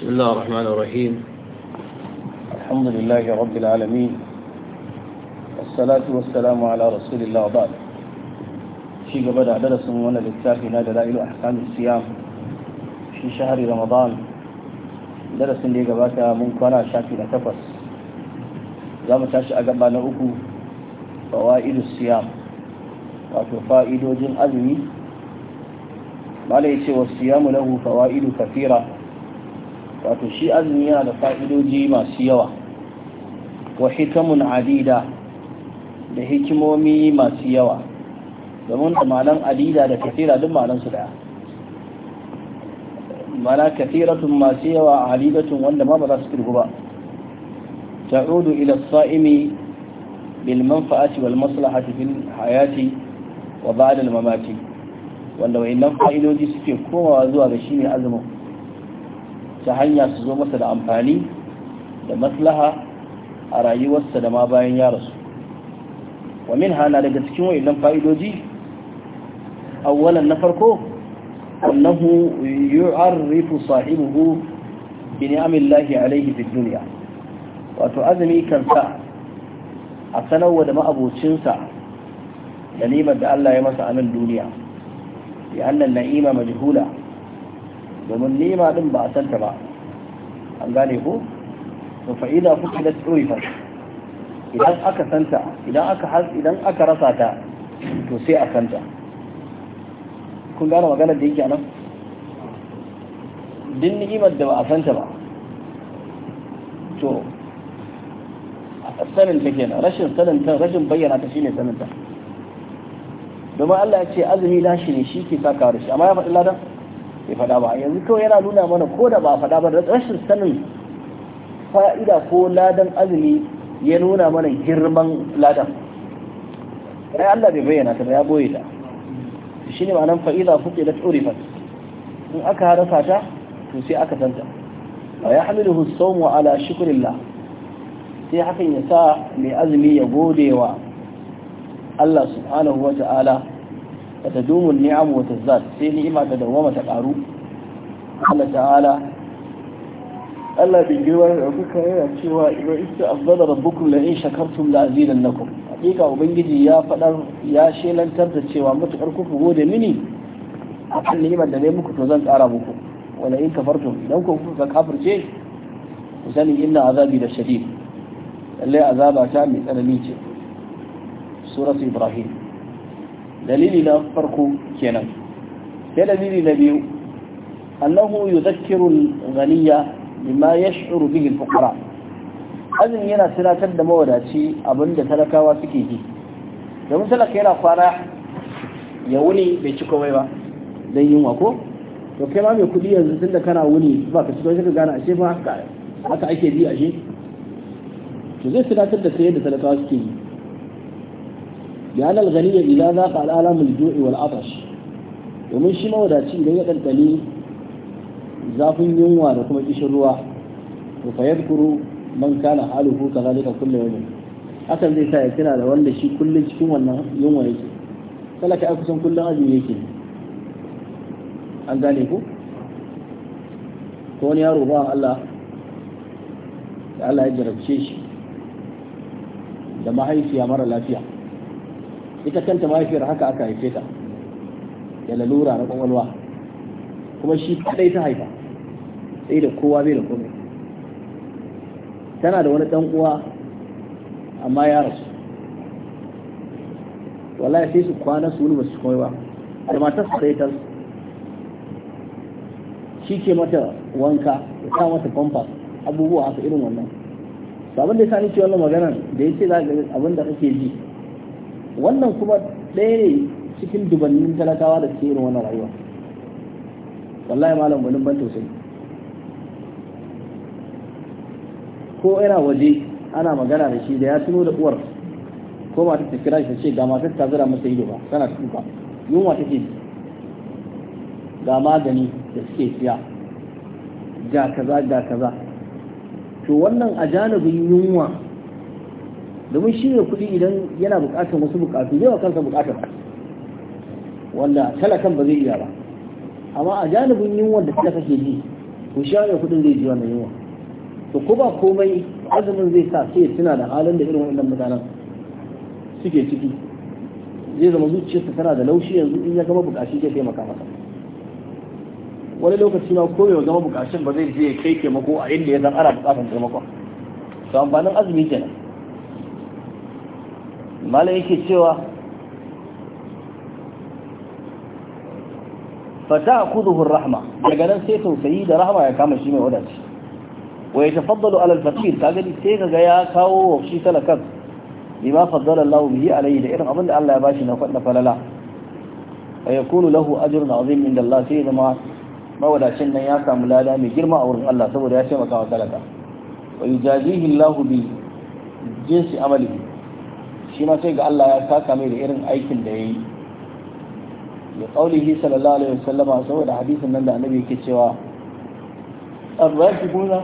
بسم الله الرحمن الرحيم الحمد لله رب العالمين والصلاة والسلام على رسول الله وبعد شيء قبل درس من الكتاب نادى دلائل أحكام الصيام في شهر رمضان درس اللي قبلتها من كان شاكي لتفس زام تاشي أقبل أكو فوائد الصيام وفائد جن أزمي ما ليس والصيام له فوائد كثيرة wato shi azumi yana da fa'idoji masu yawa wa hikamun adida da hikimomi masu yawa domin da malan adida da kafira duk malansu daya mana kafiratun masu yawa a halidatun wanda ma ba za su kirgu ba ta'udu ila sa'imi bil manfa'ati wal maslahati fil hayati wa ba'da al mamati wanda wayannan fa'idoji suke komawa zuwa ga shi ne azumin ta hanya su zo masa da amfani da maslaha a rayuwarsa da ma bayan ya rasu wa min hana daga cikin wa'idan fa'idoji awwalan na farko annahu yu'arrifu sahibuhu bi ni'amillahi alayhi fid dunya wato azumi kan sa a sanarwa da ma'abocinsa da nimar da Allah ya masa a duniya ya annan na'ima majhula domin nema din ba a santa ba an gane ku? to fa'ida kuka da tsorifar idan aka santa idan aka has idan aka rasa ta to sai a santa kun gane maganar da yake nan din ni'imar da ba a santa ba to sanin ta kenan rashin sanin ta rashin bayyana ta shine sanin ta domin Allah ya ce azumi na shi ne shi ke saka da shi amma ya faɗi ladan bai ba yanzu kawai yana nuna mana ko da ba faɗa ba da rashin sanin fa'ida ko ladan azumi ya nuna mana girman ladan ai Allah bai bayyana ta ba ya boye ta shi ne ma'anar fa'iza fuke da tsorifat in aka rasa ta to sai aka tanta a ya hamilu saumu ala shukurillah sai hakan ya sa mai azumi ya gode wa Allah subhanahu wa ta'ala ta tadumun ni'am wa tazzad sai ni'ima ta dawama ta karu Allah ta'ala Allah bin girma da kuka yana cewa idan isa afdala rabbukum la in shakartum la azidannakum hakika ubangiji ya fadar ya shelantar da cewa matukar kuka gode mini akan ni'imar da ne muku to zan kara muku wala in kafartum idan ku kuka kafirce ku sani inna azabi da shadid lallai azaba ta mai tsanani ce suratu ibrahim dalili na farko kenan sai dalili na biyu annahu yuzakkiru al-ghaniya bima yash'uru bihi al-fuqara azin yana tunatar da mawadaci abinda talakawa suke yi domin talaka yana kwana ya wuni bai ci komai ba dan yunwa ko to kai ma mai kudi yanzu tunda kana wuni ba ka ci komai ka gana ashe ba haka haka ake bi ashe to zai tunatar da sai yadda talakawa suke yi لأن الغني إذا ذاق الآلام الجوع والعطش ومن شما وداتي إذا يقلقلي زاف ينوى لكم إيش فيذكر من كان حاله كذلك كل يوم hakan zai sa ya kira da wanda shi kullum cikin wannan yunwa yake talaka a kusan kullum azumi yake an gane ku ko wani yaro ba Allah da Allah ya jarabce shi da mahaifiya mara lafiya ita kanta mahaifiyar haka aka haife ta da lalura na kwakwalwa kuma shi kadai ta haifa sai da kowa bai da komai tana da wani dan uwa amma ya rasu wallahi sai su kwana su wuni ba su komai ba da matar sai shi ke mata wanka ya sa mata famfa abubuwa haka irin wannan sabon da ya sani ce wannan maganar da ya ce za ga abin da kake ji wannan kuma ɗaya ne cikin dubannin talakawa da suke irin wannan rayuwa wallahi malam wani ban tausayi ko yana waje ana magana da shi da ya tuno da uwar ko matar ta kira shi ce ga ma ta zira masa ido ba tana tuka yunwa take ga magani da suke siya ga kaza ga kaza to wannan a janibin yunwa domin shi ne kuɗi idan yana buƙatar wasu buƙatu yawa kansa buƙatar wanda talakan ba zai iya ba amma a janibin yunwa da talaka ke ji to shi ne kuɗin zai ji wannan yunwa to ko ba komai azumin zai sa sai tuna da halin da irin waɗannan mutanen suke ciki zai zama zuciyarsa tana da laushi yanzu in ya gama buƙaci zai taimaka masa wani lokaci ma ko ya zama buƙacin ba zai je kai taimako a inda ya san ana buƙatar taimako to amfanin azumi kenan mala yake cewa fata kuduhun rahma daga nan sai tausayi da rahma ya kama shi mai wadaci wa ya tafaddalu alal fakir ka gani sai ga ya kawo wa shi talakan bima faddala Allah bihi alayhi da irin abin da Allah ya bashi na kwadda falala wa yakunu lahu ajrun azim inda Allah sai zama mawadacin nan ya samu lada mai girma a wurin Allah saboda ya taimaka wa talaka wa yujazihi Allah bi jinsi amalihi shi ma sai ga Allah ya saka mai da irin aikin da yayi ya qaulihi sallallahu alaihi wasallama saboda hadisin nan da annabi yake cewa ar ya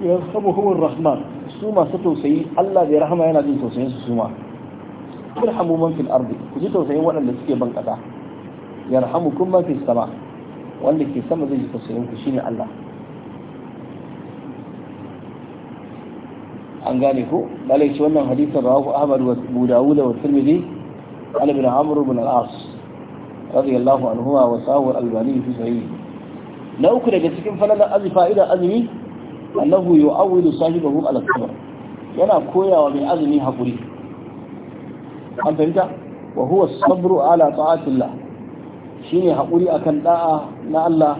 yarhamuhum ar-rahman su masu tausayi Allah bai rahama yana jin tausayin su su ma irhamu man fil ardi ku ji tausayin waɗanda suke ban kasa yarhamukum man fis sama wanda ke sama zai ji tausayin ku shine Allah an gane ko malai wannan hadisin rawahu ahmad wa abu dawud wa tirmidhi an ibn amr ibn al-as radiyallahu wa al-albani fi sahih na uku daga cikin falalar azifa azumi annahu yu'awwidu sahibahu ala sabr yana koyawa mai azumi hakuri an fahimta wa huwa sabru ala ta'atillah shine hakuri akan da'a na Allah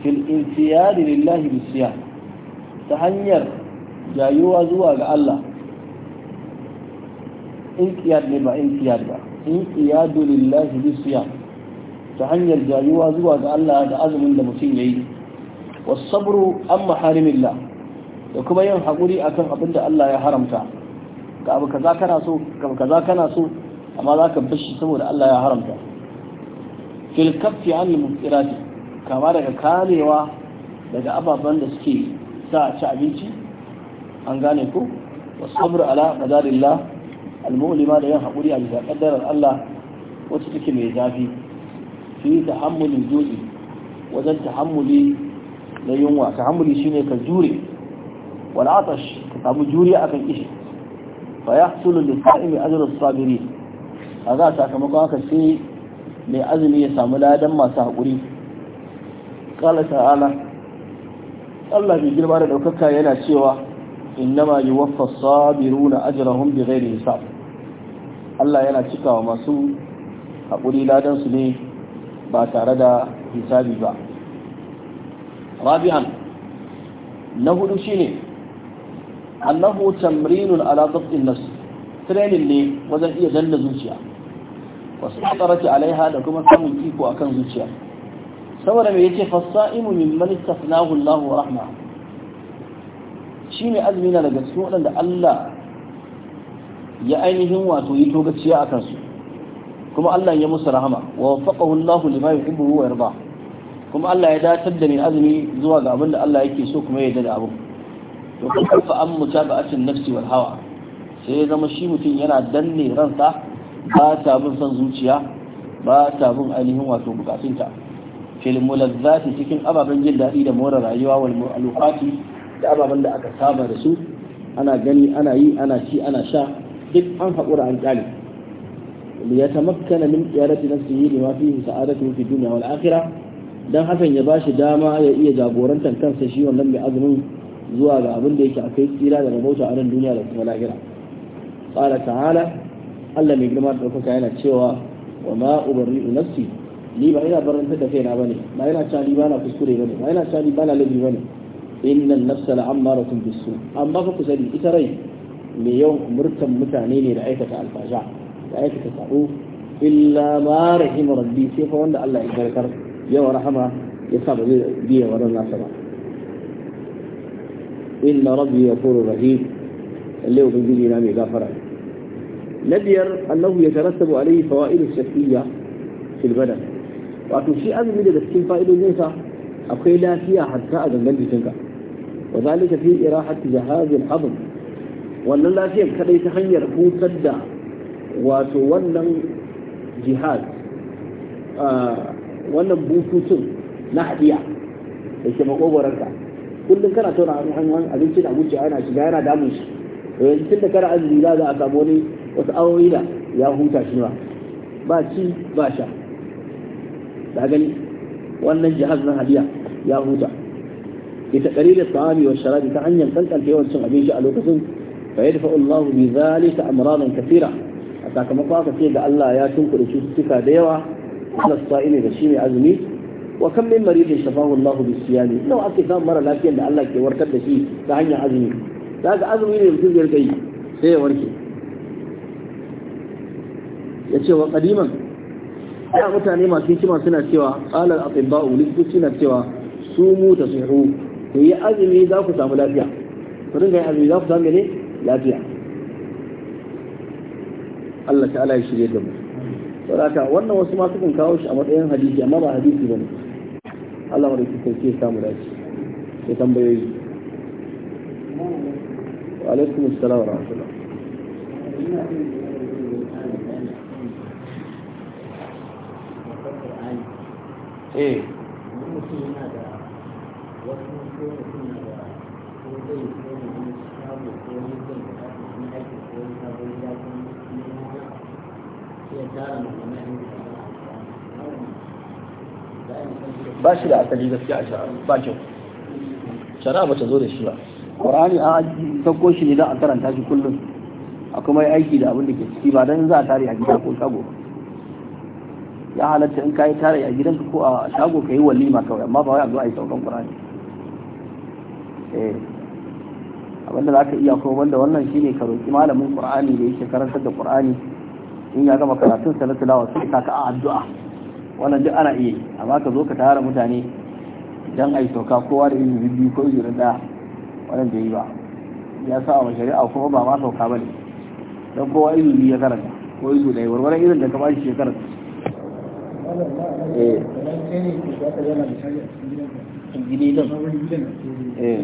fil lillahi bisiyam ta hanyar jayuwa zuwa ga Allah inqiyad ne ba inqiyad ba inqiyadu lillahi bisiyam ta hanyar jayuwa zuwa ga Allah da azumin da mutum yayi wasabru an maharimillah da kuma yin hakuri akan abin da Allah ya haramta ga abu kaza kana so ga kaza kana so amma zaka ka bashi saboda Allah ya haramta fil kaffi an muftirati kama daga kamewa daga ababen da suke sa ci abinci an gane ko wasabru ala qadarillah almu'lima da yin haƙuri a bisa kaddarar Allah wacce take mai zafi fi tahammulin juzi wajen ta tahammuli na yunwa shi ne ka jure wal atash ka samu juriya akan kishi fa ya? yahsulu lil sa'imi ajru A za a sakamakon haka sai mai azumi ya samu ladan masu haƙuri. Kala ta'ala Allah bai girma da ɗaukaka yana cewa innama yuwaffa sabiruna ajrahum bighairi hisab Allah yana cikawa masu haƙuri ladan su ne ba tare da hisabi ba rabi'an na hudu shine annahu tamrinun ala dabtin nafs training ne wajen iya danna zuciya wasu tsaraki alaiha da kuma samun iko akan zuciya saboda me yace fasa'imu mimman istafnahu Allahu rahma shi ne azumi na daga cikin waɗanda Allah ya ainihin wato yi togaciya a kansu kuma Allah ya musu rahama wa faqahu Allah lima yuhibbu wa yarda kuma Allah ya datar da mai azumi zuwa ga abin da Allah yake so kuma ya da abu to kun karfa an mutaba'atin nafsi wal hawa sai ya zama shi mutum yana danne ransa ba ta bin son zuciya ba ta bin ainihin wato bukatunta fil mulazzati cikin ababen jin daɗi da more rayuwa wal mu'alqati da ababen da aka saba da su ana gani ana yi ana ci ana sha duk an haƙura an ƙyale. ta liyatamakkana min qiyadati nafsihi lima fihi sa'adatu fi duniya wal akhirah dan hakan ya bashi dama ya iya jagorantar kansa shi wannan mai azumin zuwa ga abin da yake akai tsira da rabauta a nan duniya da kuma lahira qala ta'ala Allah mai girma da ɗaukaka yana cewa wa ma ubarri'u nafsi ni ba ina barantar da kaina bane ba ina cewa ni ba na kuskure bane ba ina cewa ni ba na laifi bane إن النفس لعمارة بالسوء أما فكو سيدي إتري ليوم مرتم متانيني لأيتك الفاجع لأيتك تعوف إلا ما رحم ربي كيف وند الله إذا كر يوم رحمه يصاب بي ورد الله سبا إن ربي يقول رحيم اللي هو بنزيل ينامي غافرا ندير أنه يترتب عليه فوائد الشكية في البدن وأتو شيء أذن من الاسكين فائد النساء أخي لا فيها حتى أذن من الجنكة wa zalika fi irahati jahaz al-hadm wannan lafiyar kadai ta hanyar hutar da wato wannan jihad wannan bututun na hadiya da ke makogoranka kullum kana tona hannun abinci da wuce ana shiga yana damun shi yanzu tun da kana azumi za a samu wani wasu awoyi da ya huta shi ba ba ci ba sha da gani wannan jihaz na hadiya ya huta ita qalil at-ta'ami wa sharabi ta hanyar kankanta yawan cin abinci a lokacin fa yadfa Allah bi zalika amradan kathira a sakamakon haka ce da Allah ya tunkure cututtuka da yawa ala sa'ili da shi mai azumi wa kam min maridin shafahu Allah bi siyami nawa ake samun mara lafiyar da Allah ke warkar da shi ta hanyar azumi daga azumi ne mutum zai rika yi sai ya warke ya ce wa kadiman ya mutane masu hikima suna cewa alal atibba'u likitoci na cewa su mu tasihu ku yi azumi za ku samu lafiya ku dinga yin azumi za ku samu ne lafiya Allah ta'ala ya shirye da mu saboda wannan wasu ma sukan kawo shi a matsayin hadisi amma ba hadisi bane Allah mai sarki ya samu lafiya. sai tambayoyi wa alaikum assalam wa rahmatullah Hey. Eh. ba shi da asali gaskiya a shara ba kyau Shara ba ta zo da shi ba ƙwararri an sauko shi ne don a karanta shi kullum a kuma yi aiki da abin da ke ciki ba don za a tare a gida ko shago ya halatta in ka yi tare a gidanka ko a shago ka yi walima kawai amma ba wai a zo a yi saukan ƙwararri abinda za ka iya ko wanda wannan shine ka roki malamin qur'ani da yake karantar da qur'ani in ya gama karatun sa na tilawa sai ka ka addu'a wannan duk ana iya amma ka zo ka tara mutane dan ai toka kowa da yin bibi ko yin da wannan bai yi ba ya sa a shari'a kuma ba ma sauka bane dan kowa ilimi ya karanta ko izu da warware irin da ka bashi shekarar eh ingililin eh.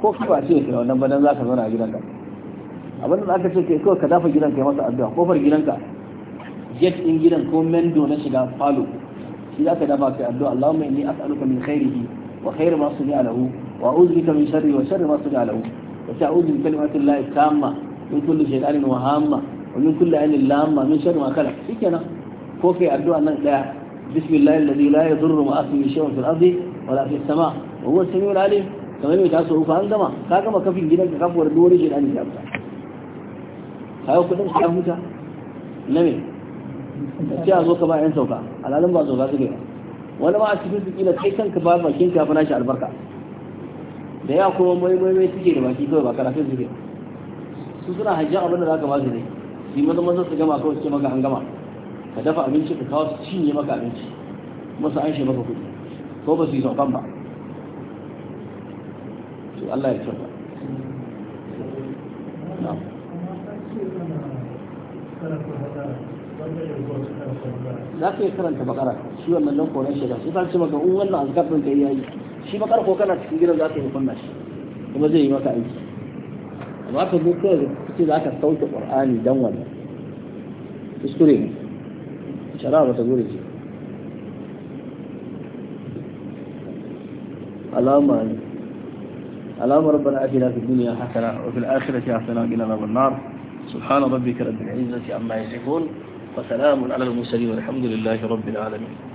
ko ka ba ce shi wannan banan za ka zauna a gidanka abinda za ka ce kai kawai ka dafa gidanka ya masa addu'a kofar gidanka get in gidan ko mendo na shiga falo shi za ka dafa kai addu'a Allahumma inni as'aluka min khairihi wa khairi ma suni'a lahu wa a'udhu bika min sharri wa sharri ma suni'a lahu wa ta'udhu bi kalimati llahi tamma min kulli shaytanin wa hamma wa min kulli ainin lamma min sharri ma khalaq shikenan ko kai addu'a nan daya بسم الله الذي لا يضر ما اسمه شيء في الارض ولا في السماء وهو السميع العليم kamar mai taso fa an ka gama kafin gidan ka kafuwar dole shi dan ka kawo kudin ka huta na me sai a ka ba yan sauka alalin ba sauka suke wani ma a cikin su kila kai kanka ba bakin ka fara shi albarka da ya kuma mai mai mai suke da baki kawai ba karafin suke su suna hajjan abin da za ka ba su ne shi maza maza su gama kawai su ce maka an gama ka dafa abinci ka kawo su yi maka abinci masu an shi maka kuɗi ko ba su yi saukan ba to Allah ya ba za ka yi karanta bakara shi wannan nan koran shi shi ta ce maka un wannan azkar ka yi yayi shi bakara ko kana cikin gidan za ka yi kunna shi kuma zai yi maka aiki amma ka zo kawai kace za ka sauke ƙwar'ani dan wannan kuskure ne شرارة تقول إيش اللهم اللهم ربنا أتنا في الدنيا حسنة وفي الآخرة حسنة وقنا عذاب النار سبحان ربك رب العزة عما يصفون وسلام على المرسلين والحمد لله رب العالمين